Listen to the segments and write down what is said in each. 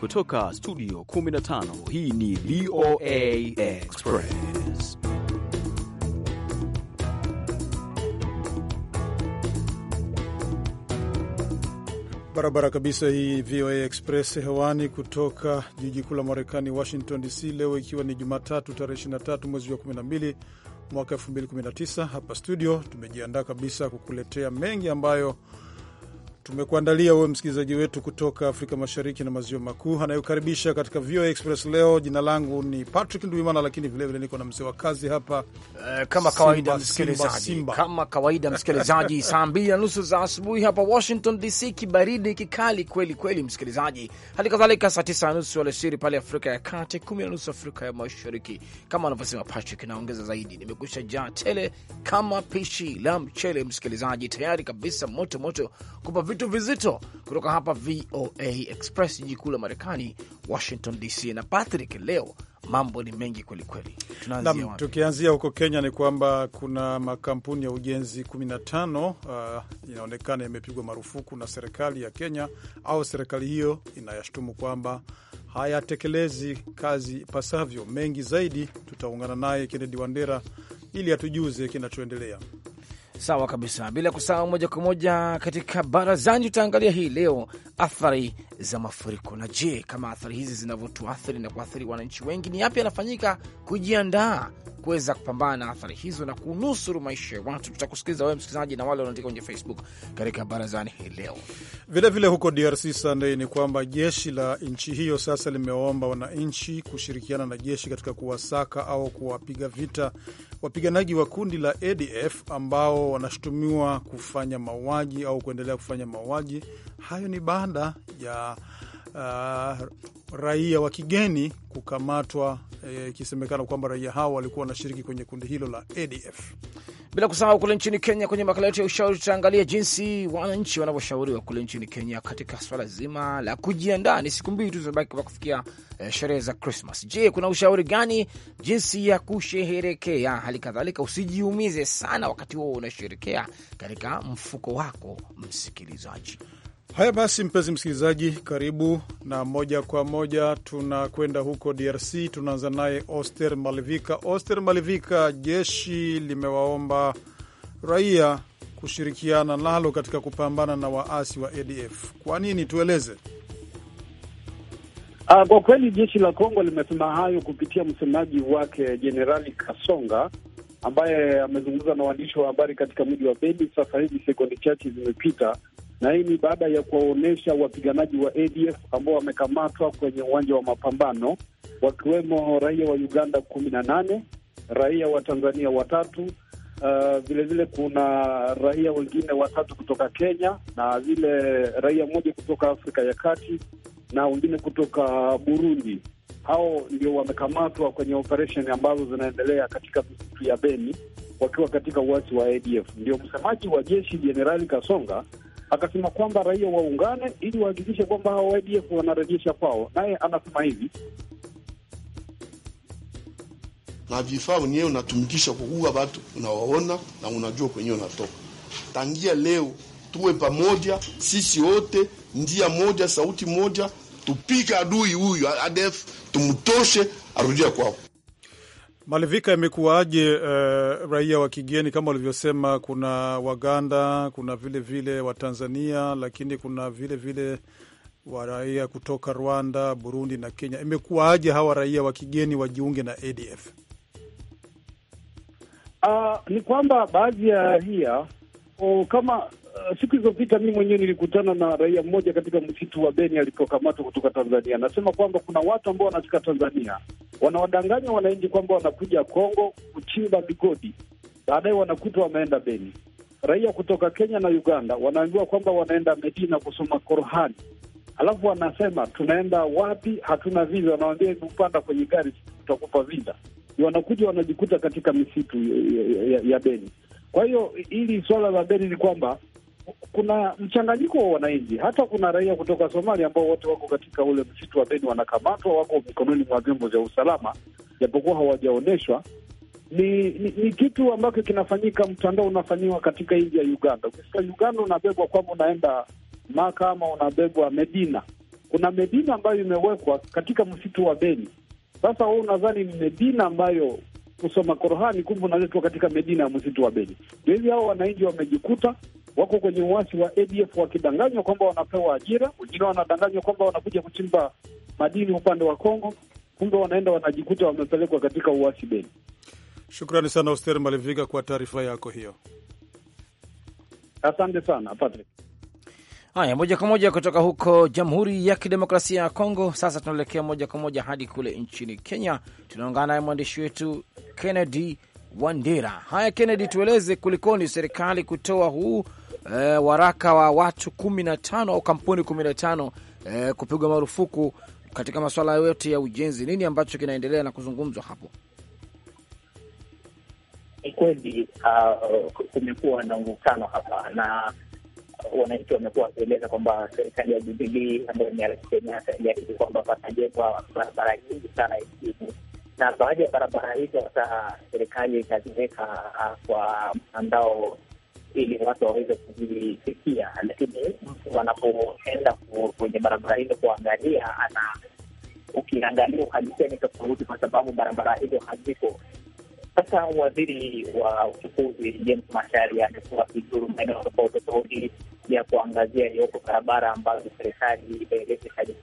Kutoka studio 15 hii ni VOA Express. Barabara kabisa, hii VOA Express hewani kutoka jiji kuu la Marekani, Washington DC, leo ikiwa ni Jumatatu tarehe 23 mwezi wa 12 mwaka 2019. Hapa studio tumejiandaa kabisa kukuletea mengi ambayo tumekuandalia wewe msikilizaji wetu kutoka Afrika Mashariki na Maziwa Makuu anayokaribisha katika VOA Express leo. Jina langu ni Patrick Nduimana, lakini vilevile niko na mzee wa kazi hapa eh, kama kawaida msikilizaji, kama kawaida msikilizaji, saa mbili na nusu za asubuhi hapa Washington DC, kibaridi kikali kweli kweli msikilizaji, hali kadhalika saa tisa na nusu alasiri pale Afrika ya Kati, kumi na nusu Afrika ya Mashariki. Kama anavyosema Patrick, naongeza zaidi, nimekusha jaa tele kama pishi la mchele msikilizaji, tayari kabisa moto moto kupa vitu vizito kutoka hapa VOA Express, jiji kuu la Marekani, Washington DC. Na Patrick, leo mambo ni mengi kwelikweli. tukianzia huko Kenya ni kwamba kuna makampuni ya ujenzi 15 uh, inaonekana yamepigwa marufuku na serikali ya Kenya au serikali hiyo inayashutumu kwamba hayatekelezi kazi ipasavyo. Mengi zaidi tutaungana naye Kennedy Wandera ili atujuze kinachoendelea. Sawa kabisa, bila kusahau moja kwa moja katika barazani, tutaangalia hii leo athari za mafuriko. Na je, kama athari hizi zinavyotuathiri na kuathiri wananchi wengi, ni yapi yanafanyika kujiandaa kuweza kupambana na athari hizo na kunusuru maisha ya watu? Tutakusikiliza wewe msikilizaji na wale wanaandika kwenye Facebook katika barazani hii leo. Vilevile huko DRC Sunday ni kwamba jeshi la nchi hiyo sasa limewaomba wananchi kushirikiana na jeshi katika kuwasaka au kuwapiga vita wapiganaji wa kundi la ADF ambao wanashutumiwa kufanya mauaji au kuendelea kufanya mauaji. Hayo ni baada ya uh, raia wa kigeni kukamatwa, eh, ikisemekana eh, kwamba raia hao walikuwa wanashiriki kwenye kundi hilo la ADF. Bila kusahau kule nchini Kenya, kwenye makala yetu ya ushauri tutaangalia jinsi wananchi wanavyoshauriwa kule nchini Kenya katika swala zima la kujiandaa. Ni siku mbili tu zimebaki kufikia eh, sherehe za Krismas. Je, kuna ushauri gani jinsi ya kusheherekea? Hali kadhalika usijiumize sana wakati huo unasherekea katika mfuko wako, msikilizaji. Haya basi, mpenzi msikilizaji, karibu na moja kwa moja tunakwenda huko DRC. Tunaanza naye Oster Malivika. Oster Malivika, jeshi limewaomba raia kushirikiana nalo katika kupambana na waasi wa ADF. Kwa nini? Tueleze. Uh, kwa kweli jeshi la Kongo limesema hayo kupitia msemaji wake Jenerali Kasonga ambaye amezungumza na waandishi wa habari katika mji wa Beni sasa hivi sekondi chache zimepita na hii ni baada ya kuwaonyesha wapiganaji wa ADF ambao wamekamatwa kwenye uwanja wa mapambano wakiwemo raia wa Uganda kumi na nane, raia wa Tanzania watatu, vilevile uh, vile kuna raia wengine watatu kutoka Kenya na vile raia mmoja kutoka Afrika ya Kati na wengine kutoka Burundi. Hao ndio wamekamatwa kwenye operesheni ambazo zinaendelea katika misitu ya Beni wakiwa katika uasi wa ADF. Ndio msemaji wa jeshi Jenerali Kasonga akasema kwamba raia waungane ili wahakikishe kwamba hao ADF wanarejesha kwao. Naye anasema hivi na vifaa wenyewe unatumikisha kuua watu, unawaona na unajua kwenyewe unatoka. Tangia leo tuwe pamoja sisi wote, njia moja, sauti moja, tupike adui huyu ADF, tumtoshe, arudia kwao. Malivika, imekuwaje uh, raia wa kigeni kama walivyosema kuna Waganda, kuna vile vile Watanzania, lakini kuna vile vile waraia kutoka Rwanda, Burundi na Kenya. Imekuwaje hawa raia wa kigeni wajiunge na ADF? Uh, ah, ni kwamba baadhi ya raia oh, kama Uh, siku zilizopita mimi mwenyewe nilikutana na raia mmoja katika msitu wa Beni alipokamatwa kutoka Tanzania. Anasema kwamba kuna watu ambao wanafika Tanzania wanawadanganya wananchi kwamba wanakuja Kongo kuchimba migodi, baadaye wanakuta wameenda Beni. Raia kutoka Kenya na Uganda wanaambiwa kwamba wanaenda Medina kusoma Qur'ani, alafu wanasema tunaenda wapi? Hatuna viza. Wanawaambia hivi, upanda kwenye gari tutakupa viza. Wanakuja wanajikuta katika misitu ya, ya, ya Beni. Kwa hiyo hili swala la Beni ni kwamba kuna mchanganyiko wa wananchi, hata kuna raia kutoka Somalia ambao wote wako katika ule msitu wa Beni, wanakamatwa, wako mikononi mwa vyombo vya usalama, japokuwa hawajaonyeshwa. Ni, ni, ni kitu ambacho kinafanyika, mtandao unafanyiwa katika nji ya Uganda. Ukifika Uganda unabebwa kwamba unaenda Maka ama unabebwa Medina. Kuna Medina ambayo imewekwa katika msitu wa Beni. Sasa wewe unadhani ni Medina ambayo kusoma Qur'ani, kumbe unaletwa katika Medina ya msitu wa Beni. Ndio hivi hao wananchi wamejikuta wako kwenye uasi wa ADF wakidanganywa kwamba wanapewa ajira, wengine wanadanganywa kwamba wanakuja kuchimba madini upande wa Kongo, kumbe wanaenda wanajikuta wamepelekwa katika uasi Beni. Shukrani sana Oster Malivika kwa taarifa yako hiyo. Asante sana Patrick. Haya, moja kwa moja kutoka huko Jamhuri ya Kidemokrasia ya Kongo. Sasa tunaelekea moja kwa moja hadi kule nchini Kenya. Tunaungana naye mwandishi wetu Kennedy Wandera. Haya Kennedy, tueleze kulikoni serikali kutoa huu e, waraka wa watu kumi na tano au kampuni kumi na tano e, kupigwa marufuku katika masuala yote ya ujenzi. Nini ambacho kinaendelea na kuzungumzwa hapo? Ni kweli uh, kumekuwa uh, na mvutano hapa na wananchi wamekuwa wakieleza kwamba serikali ya Jubilii ambayo ni Rais Kenyatta iliahidi kwamba patajengwa barabara nyingi sana nchini, na baadhi ya barabara hizo hata serikali itaziweka uh, kwa mtandao ili watu waweze kuvifikia lakini mtu wanapoenda kwenye barabara hizo kuangalia, ana ukiangalia uhalisia ni tofauti, kwa sababu barabara hizo haziko sasa waziri wa uchukuzi James Macharia amekuwa akizuru maeneo tofauti tofauti ya kuangazia iyoko barabara ambazo serikali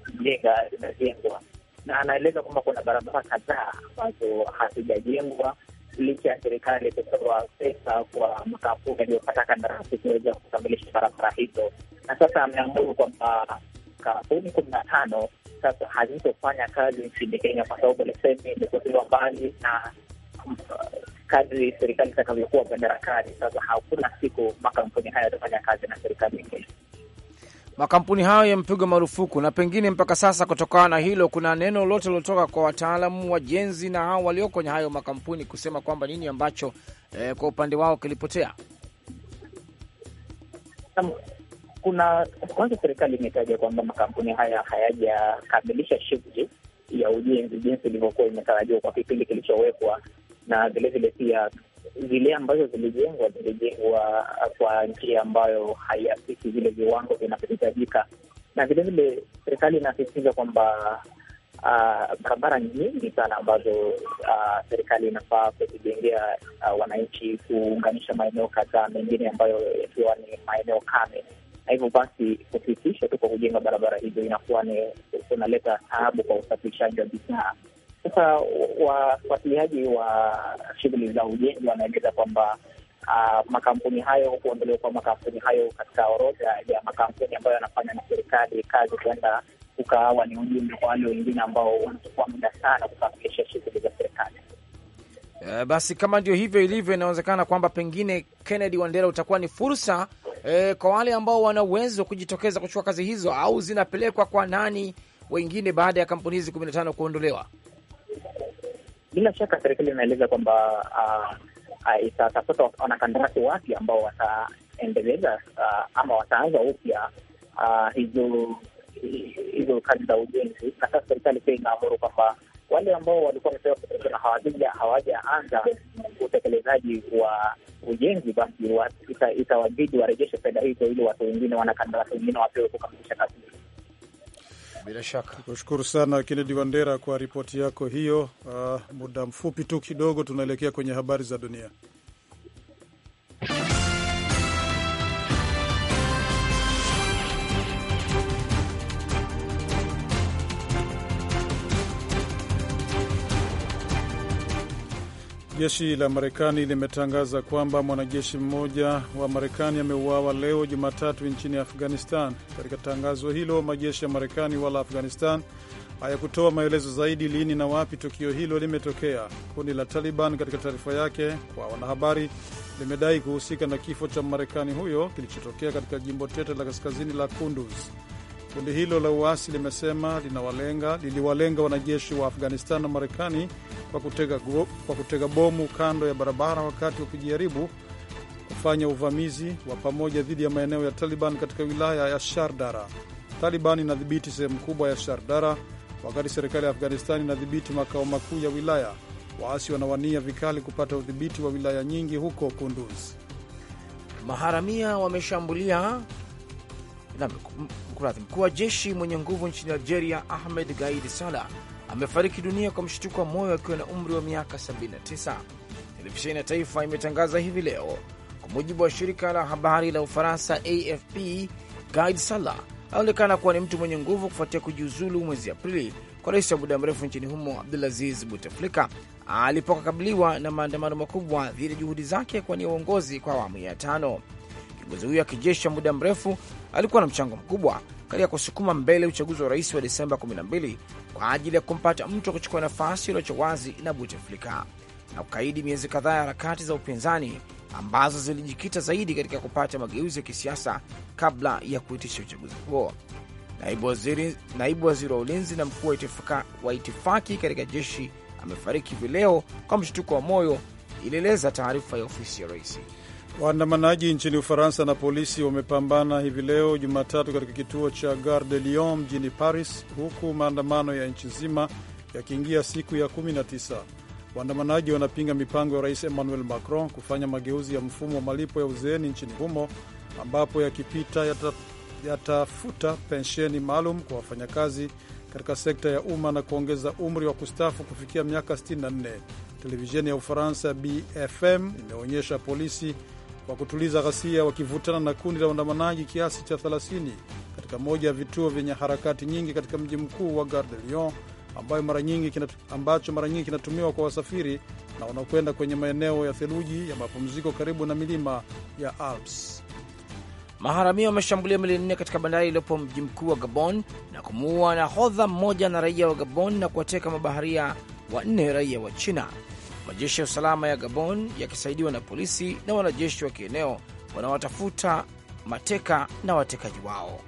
kujenga zinajengwa, na anaeleza kwamba kuna barabara kadhaa ambazo hazijajengwa licha ya serikali kutoa pesa kwa makampuni yaliyopata kandarasi kuweza kukamilisha barabara hizo, na sasa ameamuru kwamba kampuni kumi na tano sasa hazitofanya kazi nchini Kenya kwa sababu leseni imetolewa mbali na mm, kadri serikali itakavyokuwa madarakani. Sasa hakuna siku makampuni haya yatafanya kazi na serikali ingine makampuni hayo yamepigwa marufuku, na pengine mpaka sasa, kutokana na hilo, kuna neno lolote lilotoka kwa wataalamu wajenzi na hao walio kwenye hayo makampuni kusema kwamba nini ambacho eh, kwa upande wao kilipotea? Kuna kwanza, serikali imetaja kwamba makampuni haya hayajakamilisha shughuli ya ujenzi jinsi ilivyokuwa imetarajiwa kwa kipindi kilichowekwa, na vilevile pia zile ambazo zilijengwa zilijengwa kwa njia ambayo haiafiki vile viwango vinavyohitajika, na vilevile serikali inasisitiza kwamba uh, barabara nyingi sana ambazo uh, serikali inafaa kuzijengea uh, wananchi kuunganisha maeneo kadhaa mengine ambayo yakiwa ni maeneo kame, na hivyo basi kufikisha tu kwa kujenga barabara hizo inakuwa ni kunaleta taabu kwa usafirishaji wa bidhaa sasa wafuatiliaji wa, wa shughuli za ujenzi wanaeleza kwamba uh, makampuni hayo kuondolewa kwa makampuni hayo katika orodha ya makampuni ambayo yanafanya na serikali kazi kuenda kukahawa ni ujumbe kwa wale wengine ambao wanachukua muda sana kukamilisha shughuli za serikali. Uh, basi kama ndio hivyo ilivyo, inawezekana kwamba pengine, Kennedy Wandera, utakuwa ni fursa eh, kwa wale ambao wana uwezo wa kujitokeza kuchukua kazi hizo, au zinapelekwa kwa nani wengine baada ya kampuni hizi kumi na tano kuondolewa? Bila shaka serikali inaeleza kwamba uh, itatafuta wanakandarasi wapya ambao wataendeleza uh, ama wataanza upya uh, hizo hizo kazi za ujenzi. Na sasa serikali pia inaamuru kwamba wale ambao walikuwa wamepewa kontrakti na hawajaanza utekelezaji wa ujenzi, basi itawabidi warejeshe fedha hizo ili watu wengine, wanakandarasi wengine wapewe kukamilisha kazi. Bila shaka tukushukuru sana Kennedy Wandera kwa ripoti yako hiyo. Uh, muda mfupi tu kidogo tunaelekea kwenye habari za dunia. Jeshi la Marekani limetangaza kwamba mwanajeshi mmoja wa Marekani ameuawa leo Jumatatu nchini Afghanistan. Katika tangazo hilo, majeshi ya Marekani wala Afghanistan hayakutoa maelezo zaidi lini na wapi tukio hilo limetokea. Kundi la Taliban katika taarifa yake kwa wanahabari limedai kuhusika na kifo cha Marekani huyo kilichotokea katika jimbo tete la kaskazini la Kunduz. Kundi hilo la uasi limesema linawalenga, liliwalenga wanajeshi wa Afghanistan na Marekani kwa kutega, kwa kutega bomu kando ya barabara wakati wa kufanya uvamizi wa pamoja dhidi ya maeneo ya Taliban katika wilaya ya Shardara. Taliban inadhibiti sehemu kubwa ya Shardara wakati serikali ya Afghanistan inadhibiti makao makuu ya wilaya. Waasi wanawania vikali kupata udhibiti wa wilaya nyingi huko Kunduz. Maharamia wameshambulia mkuradhi mkuu wa jeshi mwenye nguvu nchini Algeria, Ahmed Gaid Salah amefariki dunia kwa mshtuko wa moyo akiwa na umri wa miaka 79, televisheni ya taifa imetangaza hivi leo. Kwa mujibu wa shirika la habari la Ufaransa AFP, Gaid Salah anaonekana kuwa ni mtu mwenye nguvu kufuatia kujiuzulu mwezi Aprili kwa rais wa muda mrefu nchini humo Abdulaziz Buteflika alipokabiliwa na maandamano makubwa dhidi ya juhudi zake kuwania uongozi kwa awamu ya tano. Kiongozi huyo wa kijeshi cha muda mrefu alikuwa na mchango mkubwa katika kusukuma mbele uchaguzi wa rais wa Desemba 12 kwa ajili ya kumpata mtu wa kuchukua nafasi iliyocho wazi na Buteflika, na kukaidi miezi kadhaa ya harakati za upinzani ambazo zilijikita zaidi katika kupata mageuzi ya kisiasa kabla ya kuitisha uchaguzi huo. Naibu waziri, naibu waziri wa ulinzi na mkuu wa itifaki katika jeshi amefariki hivi leo kwa mshtuko wa moyo, ilieleza taarifa ya ofisi ya rais. Waandamanaji nchini Ufaransa na polisi wamepambana hivi leo Jumatatu katika kituo cha Gare de Lyon mjini Paris, huku maandamano ya nchi nzima yakiingia siku ya 19. Waandamanaji wanapinga mipango ya Rais Emmanuel Macron kufanya mageuzi ya mfumo wa malipo ya uzeeni nchini humo, ambapo yakipita yata, yatafuta pensheni maalum kwa wafanyakazi katika sekta ya umma na kuongeza umri wa kustafu kufikia miaka 64. Televisheni ya Ufaransa BFM imeonyesha polisi wa kutuliza ghasia wakivutana na kundi la waandamanaji kiasi cha 30 katika moja ya vituo vyenye harakati nyingi katika mji mkuu wa Gare de Lyon ambayo mara nyingi kina, ambacho mara nyingi kinatumiwa kwa wasafiri na wanaokwenda kwenye maeneo ya theluji ya mapumziko karibu na milima ya Alps. Maharamia wameshambulia meli nne katika bandari iliyopo mji mkuu wa Gabon na kumuua nahodha mmoja na raia wa Gabon na kuwateka mabaharia wanne raia wa China majeshi ya usalama ya Gabon yakisaidiwa na polisi na wanajeshi wa kieneo wanaowatafuta mateka na watekaji wao.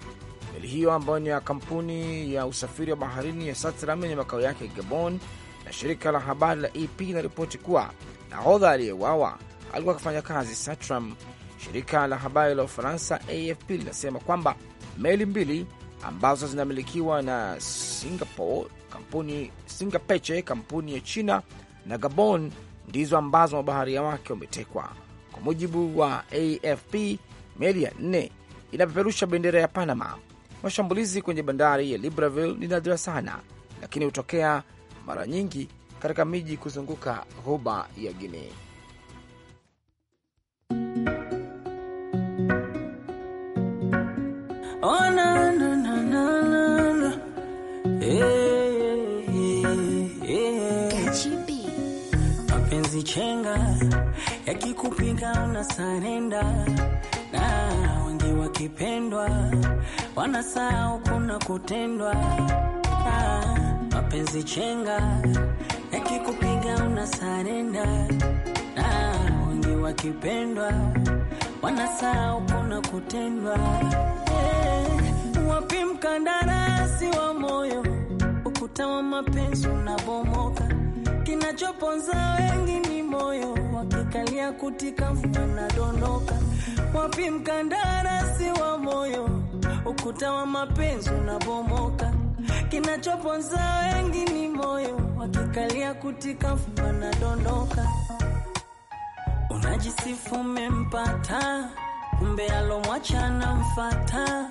Meli hiyo ambayo ni ya kampuni ya usafiri wa baharini ya Satram yenye makao yake Gabon, na shirika la habari la EP inaripoti kuwa nahodha aliyeuawa alikuwa akifanya kazi Satram. Shirika la habari la Ufaransa AFP linasema kwamba meli mbili ambazo zinamilikiwa na Singapore kampuni Singapeche, kampuni ya China na Gabon ndizo ambazo mabaharia wake wametekwa. Kwa mujibu wa AFP, meli ya nne inapeperusha bendera ya Panama. Mashambulizi kwenye bandari ya Libreville ni nadra sana, lakini hutokea mara nyingi katika miji kuzunguka ghuba ya Guinea. Oh, na, na, na, na, na. Hey. Eh. wakizichenga, yakikupinga unasarenda, na wengi wakipendwa wanasahau kuna kutendwa. mapenzi chenga, yakikupinga unasarenda, na wengi wakipendwa wanasahau kuna kutendwa. Hey, eh, wapi mkandarasi wa moyo? Ukuta wa mapenzi unabomoka Kinachoponza wengi ni moyo, wakikalia kutika mnadondoka. Wapi mkandarasi wa moyo, ukuta wa mapenzi unabomoka. Kinachoponza wengi ni moyo, wakikalia kutika mnadondoka. Unajisifu umempata, kumbe alomwacha anamfata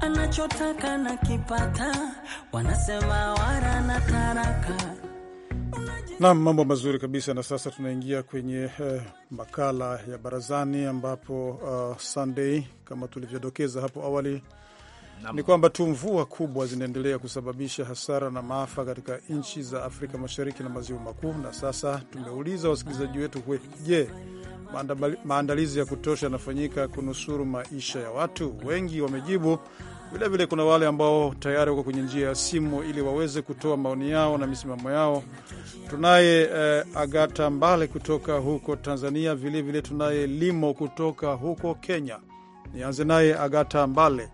anachotaka na kipata, wanasema wara na taraka Nam, mambo mazuri kabisa. Na sasa tunaingia kwenye eh, makala ya barazani ambapo uh, Sunday kama tulivyodokeza hapo awali ni kwamba tu mvua kubwa zinaendelea kusababisha hasara na maafa katika nchi za Afrika Mashariki na Maziwa Makuu, na sasa tumeuliza wasikilizaji wetu, je, maandalizi ya kutosha yanafanyika kunusuru maisha ya watu? Wengi wamejibu Vilevile kuna wale ambao tayari wako kwenye njia ya simu ili waweze kutoa maoni yao na misimamo yao. Tunaye eh, Agata Mbale kutoka huko Tanzania, vilevile tunaye Limo kutoka huko Kenya. Nianze naye Agata Mbale.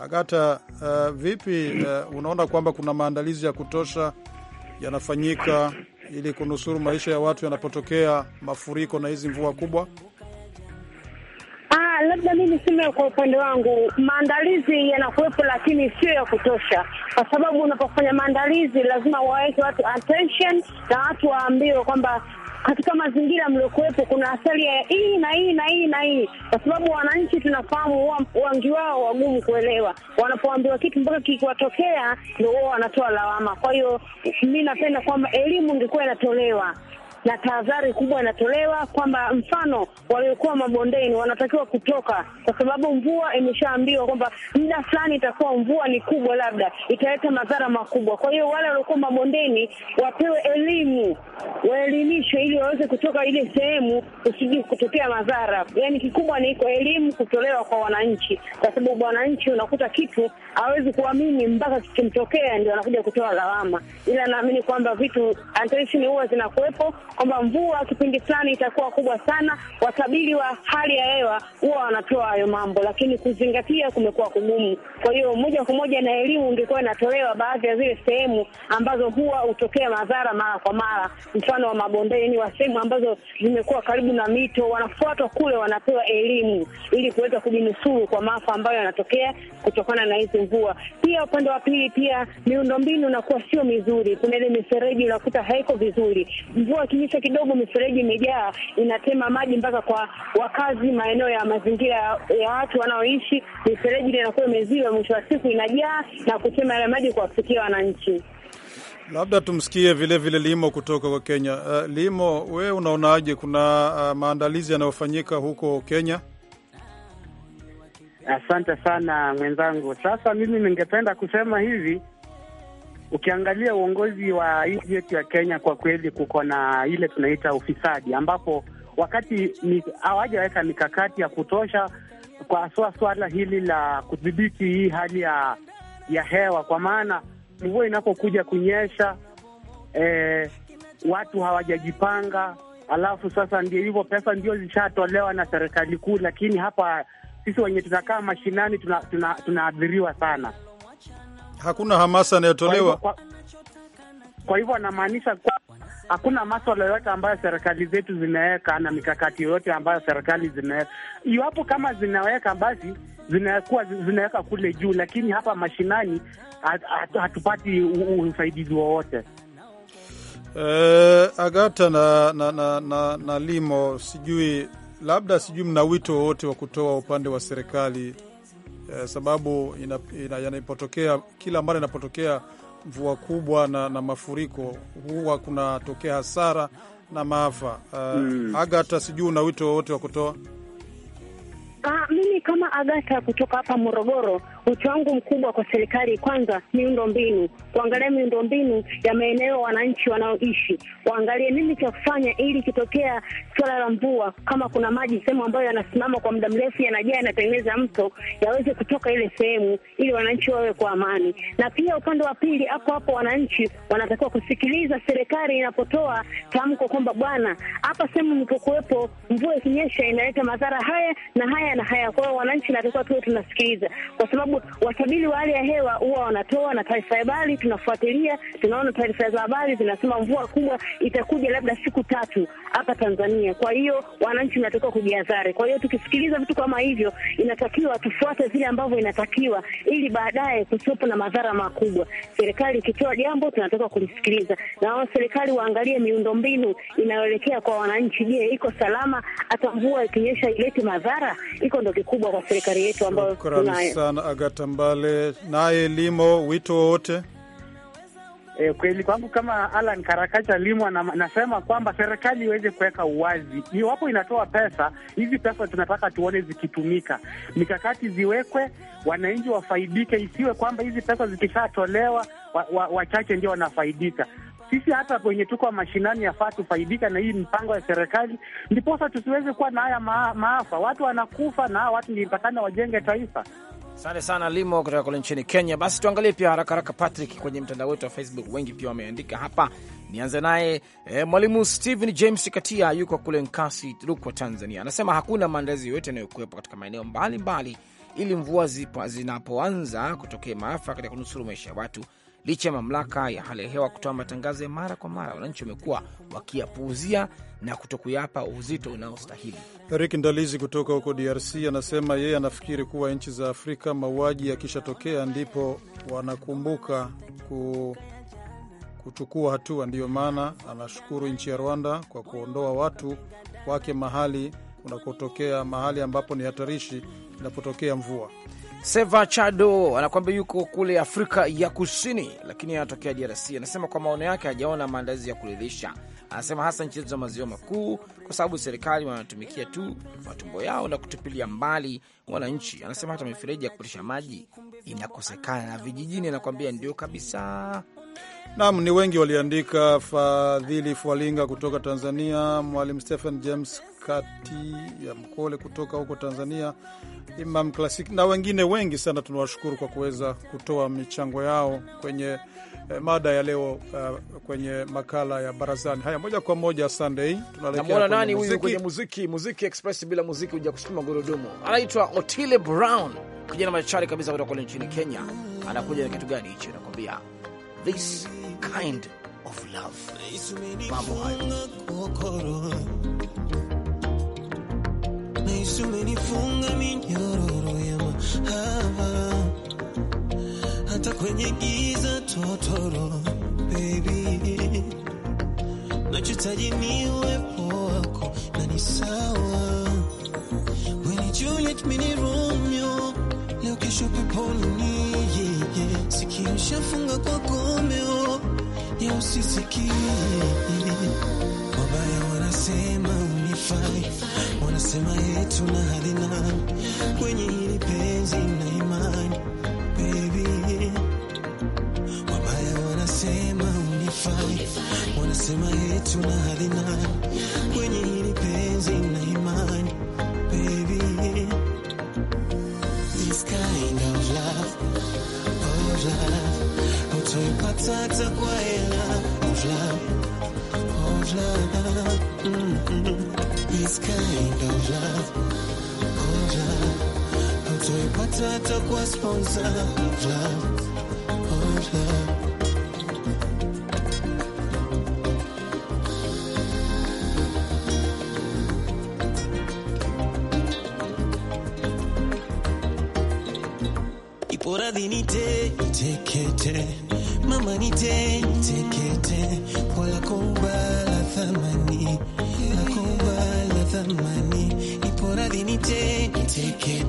Agata, uh, vipi uh, unaona kwamba kuna maandalizi ya kutosha yanafanyika ili kunusuru maisha ya watu yanapotokea mafuriko na hizi mvua kubwa? labda mi niseme kwa upande wangu, maandalizi yanakuwepo, lakini sio ya kutosha, kwa sababu unapofanya maandalizi lazima waweke watu attention na watu waambiwe kwamba katika mazingira mliokuwepo kuna asali ya hii na hii na hii na hii, kwa sababu wananchi tunafahamu wengi wao wagumu kuelewa. Wanapoambiwa kitu mpaka kikiwatokea, ndio wao wanatoa lawama. Kwa hiyo mi napenda kwamba elimu ingekuwa inatolewa na tahadhari kubwa inatolewa kwamba mfano waliokuwa mabondeni wanatakiwa kutoka, kwa sababu mvua imeshaambiwa kwamba muda fulani itakuwa mvua ni kubwa, labda italeta madhara makubwa. Kwa hiyo wale waliokuwa mabondeni wapewe elimu, waelimishwe ili waweze kutoka ile sehemu usiji kutokea madhara. Yani kikubwa ni iko elimu kutolewa kwa wananchi, kwa sababu wananchi unakuta kitu hawezi kuamini mpaka kikimtokea, ndio anakuja kutoa lawama, ila naamini kwamba vitu anteshini huwa zinakuwepo kwamba mvua kipindi fulani itakuwa kubwa sana. Watabiri wa hali ya hewa huwa wanatoa hayo mambo, lakini kuzingatia kumekuwa kugumu. Kwa hiyo moja kwa moja na elimu ingekuwa inatolewa baadhi ya zile sehemu ambazo huwa hutokea madhara mara kwa mara, mfano wa mabondeni, wa sehemu ambazo zimekuwa karibu na mito, wanafuatwa kule, wanapewa elimu ili kuweza kujinusuru kwa maafa ambayo yanatokea kutokana na hizi mvua. Pia upande wa pili, pia miundombinu inakuwa sio mizuri, kuna ile mifereji unakuta haiko vizuri, mvua kabisa kidogo, mifereji imejaa, inatema maji mpaka kwa wakazi maeneo ya mazingira ya watu wanaoishi. Mifereji ile inakuwa imeziwa, mwisho wa siku inajaa na kutema yale maji kuwafikia wananchi. Labda tumsikie vile vile Limo kutoka kwa Kenya. Uh, Limo, we unaonaje, kuna uh, maandalizi yanayofanyika huko Kenya? Asante sana mwenzangu. Sasa mimi ningependa kusema hivi Ukiangalia uongozi wa nchi yetu ya Kenya, kwa kweli kuko na ile tunaita ufisadi, ambapo wakati hawajaweka mikakati ya kutosha kwa swa swala hili la kudhibiti hii hali ya, ya hewa, kwa maana mvua inapokuja kunyesha eh, watu hawajajipanga, alafu sasa ndio hivyo, pesa ndio zishatolewa na serikali kuu, lakini hapa sisi wenye tunakaa mashinani tunaathiriwa tuna, tuna sana hakuna hamasa inayotolewa. Kwa hivyo anamaanisha hakuna maswala yoyote ambayo serikali zetu zinaweka na mikakati yoyote ambayo serikali zinaweka. Iwapo kama zinaweka, basi zinakuwa zinaweka kule juu, lakini hapa mashinani hatupati usaidizi wowote. Uh, Agata na na, na na na Limo, sijui labda, sijui mna wito wowote wa kutoa upande wa serikali eh, sababu yanapotokea kila mara inapotokea mvua kubwa na, na mafuriko huwa kunatokea hasara na maafa eh, mm. Agata, sijui una wito wowote wa kutoa? Ah, mimi kama Agata kutoka hapa Morogoro wito wangu mkubwa kwa serikali, kwanza miundo mbinu, kuangalia miundo mbinu ya maeneo wananchi wanaoishi, waangalie nini cha kufanya, ili ikitokea swala la mvua, kama kuna maji sehemu ambayo yanasimama kwa muda mrefu, yanajaa, yanatengeneza mto, yaweze kutoka ile sehemu, ili wananchi wawe kwa amani. Na pia upande wa pili, hapo hapo, wananchi wanatakiwa kusikiliza serikali inapotoa tamko kwamba, bwana, hapa sehemu mlipokuwepo, mvua ikinyesha inaleta madhara haya na haya na haya. Kwa hiyo wananchi natakiwa tuwe tunasikiliza, kwa sababu sababu watabiri wa hali ya hewa huwa wanatoa na taarifa ya habari, tunafuatilia, tunaona taarifa za habari zinasema mvua kubwa itakuja labda siku tatu hapa Tanzania. Kwa hiyo wananchi wanatakiwa kujihadhari. Kwa hiyo tukisikiliza vitu kama hivyo, inatakiwa tufuate vile ambavyo inatakiwa, ili baadaye kusiwepo na madhara makubwa. Serikali ikitoa jambo, tunatakiwa kulisikiliza, na serikali waangalie miundombinu inayoelekea kwa wananchi. Je, iko salama? Hata mvua ikinyesha ilete madhara? Iko ndo kikubwa kwa serikali yetu ambayo tunayo. Tambale, naye Limo, wito wowote? E, kweli kwangu kama Alan Karakacha Limwa na, nasema kwamba serikali iweze kuweka uwazi iwapo inatoa pesa hizi. Pesa tunataka tuone zikitumika, mikakati ziwekwe, wananchi wafaidike. Isiwe kwamba hizi pesa zikishatolewa wachache wa, wa ndio wanafaidika. Sisi hata wenye tuko mashinani yafaa tufaidika na hii mpango ya serikali, ndiposa tusiweze kuwa na haya ma, maafa. Watu wanakufa na hawa watu ndio mpakana wajenge taifa. Asante sana Limo kutoka kule nchini Kenya. Basi tuangalie pia haraka haraka, Patrick, kwenye mtandao wetu wa Facebook wengi pia wameandika hapa. Nianze naye eh, mwalimu Stephen James Katia yuko kule Nkasi, Rukwa, Tanzania, anasema hakuna maandalizi yoyote yanayokuwepo katika maeneo mbalimbali ili mvua zinapoanza kutokea maafa katika kunusuru maisha ya watu licha ya mamlaka ya hali ya hewa kutoa matangazo ya mara kwa mara, wananchi wamekuwa wakiyapuuzia na kutokuyapa uzito unaostahili. Eric Ndalizi kutoka huko DRC anasema yeye anafikiri kuwa nchi za Afrika mauaji yakishatokea ndipo wanakumbuka ku kuchukua hatua. Ndiyo maana anashukuru nchi ya Rwanda kwa kuondoa watu wake mahali unakotokea, mahali ambapo ni hatarishi inapotokea mvua. Seva Chado anakwambia yuko kule Afrika ya Kusini, lakini anatokea DRC. Anasema kwa maono yake hajaona maandazi ya kuridhisha. Anasema hasa nchi zetu za maziwa makuu, kwa sababu serikali wanatumikia tu matumbo yao na kutupilia mbali wananchi. Anasema hata mifereji ya kupitisha maji inakosekana na vijijini, anakwambia ndio kabisa. Naam, ni wengi waliandika. Fadhili Fwalinga kutoka Tanzania, Mwalimu Stephen James kati ya Mkole kutoka huko Tanzania, Imam Classic na wengine wengi sana. Tunawashukuru kwa kuweza kutoa michango yao kwenye eh, mada ya leo uh, kwenye makala ya barazani. Haya, moja kwa moja Sunday, tunamwona nani huyu kwenye muziki, muziki express. Bila muziki huja kusukuma gurudumu. Anaitwa Otile Brown, kijana machari kabisa kutoka kule nchini Kenya. Anakuja na kitu gani hicho? Nakwambia this kind of love, mambo Yesu umenifunga minyororo ya mahaba, hata kwenye giza totoro. Baby, nachotaji ni uwepo wako na ni sawa. When you let me in Romeo, leo kesho peponi. Yeah, yeah. Sikio shafunga kwa gomeo ya usisikie, wabaya wanasema haifai, wanasema yetu na halina kwenye hili penzi na imani baby, wabaya wanasema unifai, wanasema yetu na halina kwenye hili penzi na imani baby, this kind of love, oh love, hutaipata hata kwa hela of love, oh love, mm -mm. this kind of love, oh love. Mtoipata takuwa sponsor, love, oh love. Poradhi take, itekete mama nite itekete, wala kumbala thamani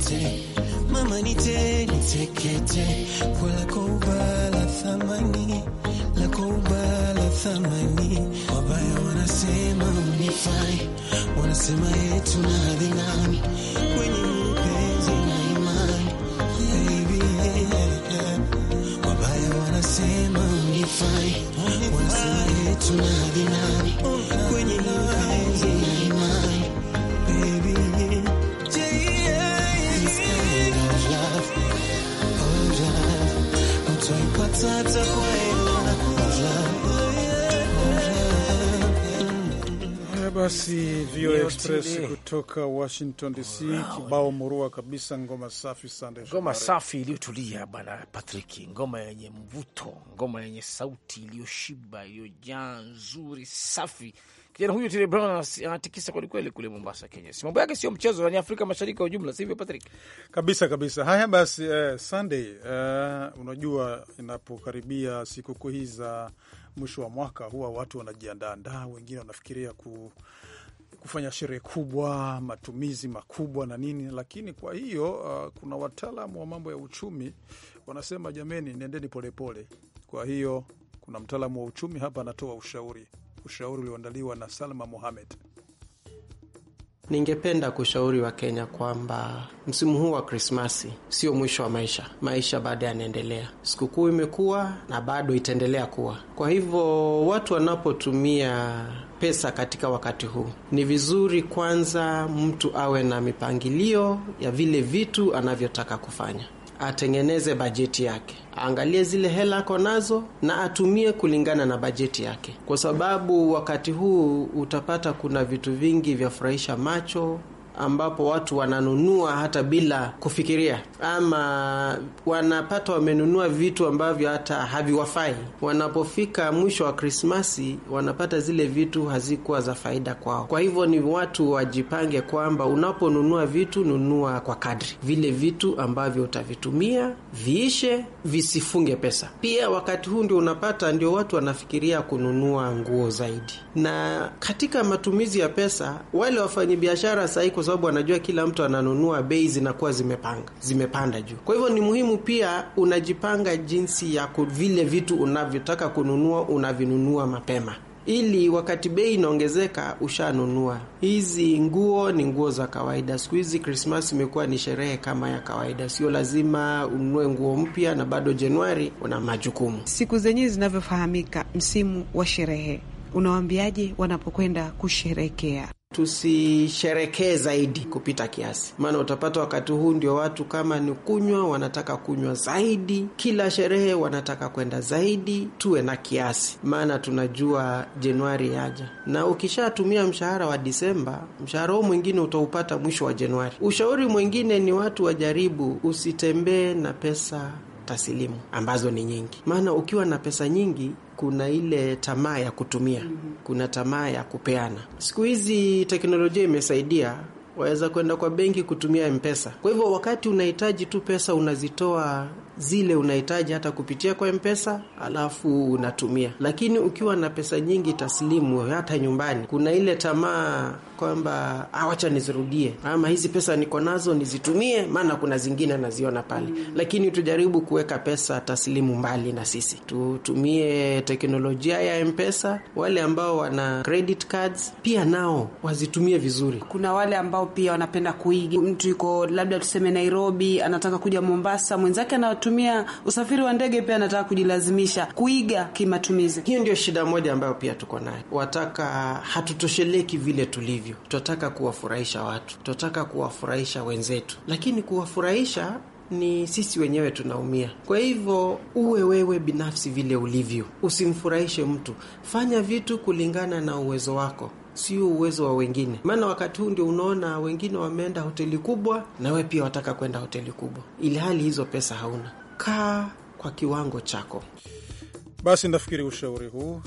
tekete, mama nite nitekete, kwa lako uba la thamani, lako uba la thamani. Wabaya wanasema unifai, wanasema yetu na dhinani, kwenye mpenzi na imani baby, yeah. Wabaya wanasema unifai, wanasema yetu na dhinani, kwenye mpenzi na basi VOA Express kutoka Washington DC. Kibao murua kabisa, ngoma safi sana, ngoma safi iliyotulia bana Patrick, ngoma yenye mvuto, ngoma yenye sauti iliyoshiba, iliyojaa nzuri, safi. Kijana huyu Tile Brown anatikisa kwelikweli kule Mombasa, Kenya. Si mambo yake sio mchezo, yani Afrika Mashariki kwa ujumla, sivyo Patrick? Kabisa kabisa. Haya basi, eh, Sunday, eh, unajua inapokaribia sikukuu hii za mwisho wa mwaka huwa watu wanajiandaandaa, wengine wanafikiria ku kufanya sherehe kubwa, matumizi makubwa na nini, lakini kwa hiyo uh, kuna wataalamu wa mambo ya uchumi wanasema jameni, nendeni polepole. Kwa hiyo kuna mtaalamu wa uchumi hapa anatoa ushauri, ushauri ulioandaliwa na Salma Mohamed. Ningependa kushauri Wakenya kwamba msimu huu wa Krismasi sio mwisho wa maisha. Maisha bado yanaendelea, sikukuu imekuwa na bado itaendelea kuwa. Kwa hivyo watu wanapotumia pesa katika wakati huu, ni vizuri kwanza mtu awe na mipangilio ya vile vitu anavyotaka kufanya atengeneze bajeti yake, aangalie zile hela ako nazo na atumie kulingana na bajeti yake, kwa sababu wakati huu utapata kuna vitu vingi vya furahisha macho ambapo watu wananunua hata bila kufikiria, ama wanapata wamenunua vitu ambavyo hata haviwafai. Wanapofika mwisho wa Krismasi, wanapata zile vitu hazikuwa za faida kwao. Kwa hivyo ni watu wajipange kwamba unaponunua vitu, nunua kwa kadri, vile vitu ambavyo utavitumia viishe, visifunge pesa. Pia wakati huu ndio unapata, ndio watu wanafikiria kununua nguo zaidi, na katika matumizi ya pesa, wale wafanyabiashara sahii sababu anajua kila mtu ananunua, bei zinakuwa zimepanga zimepanda juu. Kwa hivyo ni muhimu pia unajipanga jinsi ya vile vitu unavyotaka kununua unavinunua mapema ili wakati bei inaongezeka ushanunua. Hizi nguo ni nguo za kawaida. Siku hizi Krismas imekuwa ni sherehe kama ya kawaida, sio lazima ununue nguo mpya, na bado Januari una majukumu. Siku zenyewe zinavyofahamika, msimu wa sherehe, unawaambiaje wanapokwenda kusherekea? tusisherekee zaidi kupita kiasi, maana utapata wakati huu ndio watu kama ni kunywa wanataka kunywa zaidi, kila sherehe wanataka kwenda zaidi. Tuwe na kiasi, maana tunajua Januari yaja, na ukishatumia mshahara wa Disemba, mshahara huo mwingine utaupata mwisho wa Januari. Ushauri mwingine ni watu wajaribu, usitembee na pesa taslimu ambazo ni nyingi, maana ukiwa na pesa nyingi kuna ile tamaa ya kutumia, mhm. kuna tamaa ya kupeana. Siku hizi teknolojia imesaidia waweza kwenda kwa benki kutumia Mpesa. Kwa hivyo wakati unahitaji tu pesa unazitoa zile unahitaji hata kupitia kwa Mpesa, alafu unatumia. Lakini ukiwa na pesa nyingi taslimu hata nyumbani, kuna ile tamaa kwamba awacha ah, nizirudie, ama hizi pesa niko nazo nizitumie, maana kuna zingine naziona pale. Mm. Lakini tujaribu kuweka pesa taslimu mbali na sisi, tutumie teknolojia ya Mpesa. Wale ambao wana credit cards pia nao wazitumie vizuri. Kuna wale ambao pia wanapenda kuiga, mtu yuko labda tuseme Nairobi, anataka kuja Mombasa, mwenzake ana kutumia usafiri wa ndege pia anataka kujilazimisha kuiga kimatumizi. Hiyo ndio shida moja ambayo pia tuko nayo, wataka hatutosheleki vile tulivyo. Tunataka kuwafurahisha watu, tunataka kuwafurahisha wenzetu, lakini kuwafurahisha ni sisi wenyewe tunaumia. Kwa hivyo uwe wewe binafsi vile ulivyo, usimfurahishe mtu, fanya vitu kulingana na uwezo wako sio uwezo wa wengine. Maana wakati huu ndio unaona wengine wameenda hoteli kubwa, na wewe pia wataka kwenda hoteli kubwa, ili hali hizo pesa hauna. Kaa kwa kiwango chako. Basi nafikiri ushauri huu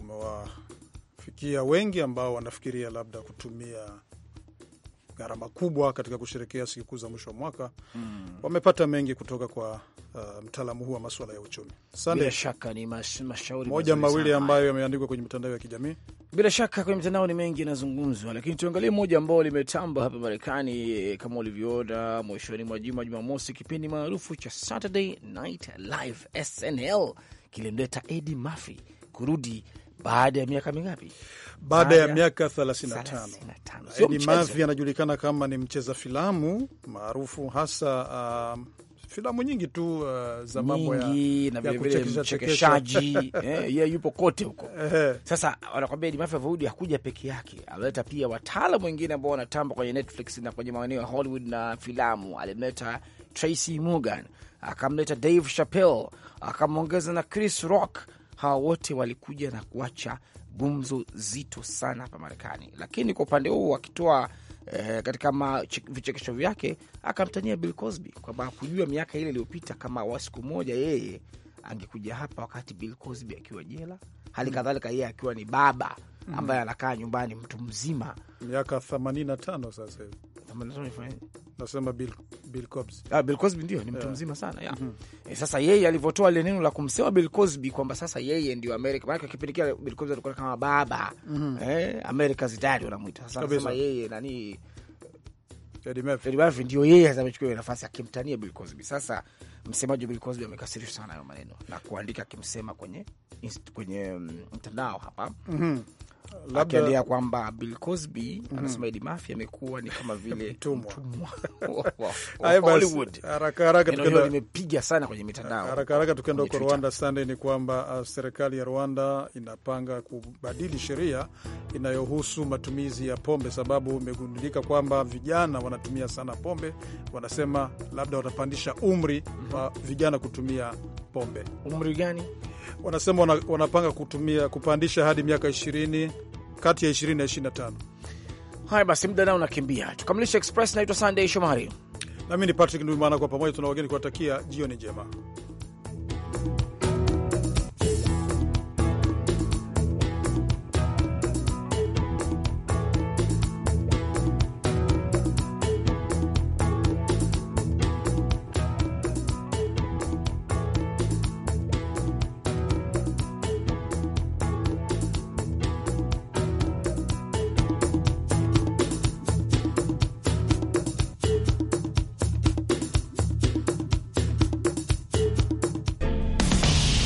umewafikia wengi ambao wanafikiria labda kutumia gharama kubwa katika kusherekea sikukuu za mwisho wa mwaka mm. Wamepata mengi kutoka kwa uh, mtaalamu huu wa maswala ya uchumi. Bila shaka ni mashauri moja mawili ambayo yameandikwa kwenye mitandao ya kijamii. Bila shaka kwenye mitandao ni mengi yanazungumzwa, lakini tuangalie moja ambao limetamba hapa Marekani eh, kama ulivyoona mwishoni mwa juma Jumamosi, kipindi maarufu cha Saturday Night Live SNL kilimleta Eddie Murphy kurudi baada ya miaka mingapi? Baada ya miaka 35. Eh, Eddie Murphy anajulikana kama ni mcheza filamu maarufu hasa uh, filamu nyingi tu uh, za mambo ya, na vile vile mchekeshaji eh, ye yupo kote huko. Sasa wanakwambia Eddie Murphy vaudi hakuja peke yake, alileta pia wataalamu wengine ambao wanatamba kwenye Netflix na kwenye maeneo ya Hollywood na filamu. Alimleta Tracy Morgan, akamleta Dave Chappelle, akamwongeza na Chris Rock hawa wote walikuja na kuacha gumzo zito sana hapa Marekani. Lakini kwa upande huu akitoa eh, katika vichekesho vyake akamtania Bill Cosby kwamba hakujua miaka ile iliyopita kama wa siku moja yeye angekuja hapa, wakati Bill Cosby akiwa jela, hali kadhalika yeye akiwa ni baba ambaye anakaa nyumbani mtu mzima miaka 85 sasa hivi nasema Bill, Bill Cosby. Ah, Bill Cosby ndio ni mtu yeah, mzima sana yeah. Mm -hmm. E, sasa yeye alivyotoa ile neno la kumsewa Bill Cosby kwamba sasa yeye ndio America, maana kipindi kile Bill Cosby alikuwa kama baba mm -hmm. eh, America's dad wanamuita sasa, anasema yeye nani ndio yeye amechukua nafasi akimtania Bill Cosby. Sasa msemaji wa Bill Cosby amekasirishwa sana hayo maneno na kuandika akimsema kwenye kwenye mm, mtandao hapa mm -hmm akiendea kwamba Bill Cosby mm -hmm. anasema Eddie Murphy amekuwa ni kama vile mtumwa Hollywood. Haraka haraka limepiga sana kwenye mitandao, haraka haraka tukienda huko Rwanda Sunday, ni kwamba uh, serikali ya Rwanda inapanga kubadili sheria inayohusu matumizi ya pombe, sababu imegundulika kwamba vijana wanatumia sana pombe. Wanasema labda watapandisha umri wa mm -hmm. vijana kutumia pombe. Umri gani? wanasema wana, wanapanga kutumia kupandisha hadi miaka ishirini kati ya ishirini na 25. Haya basi, muda nao unakimbia, tukamilisha Express. Naitwa Sunday Shomari nami ni Patrick Ndumana, kwa pamoja tuna wageni kuwatakia jioni njema.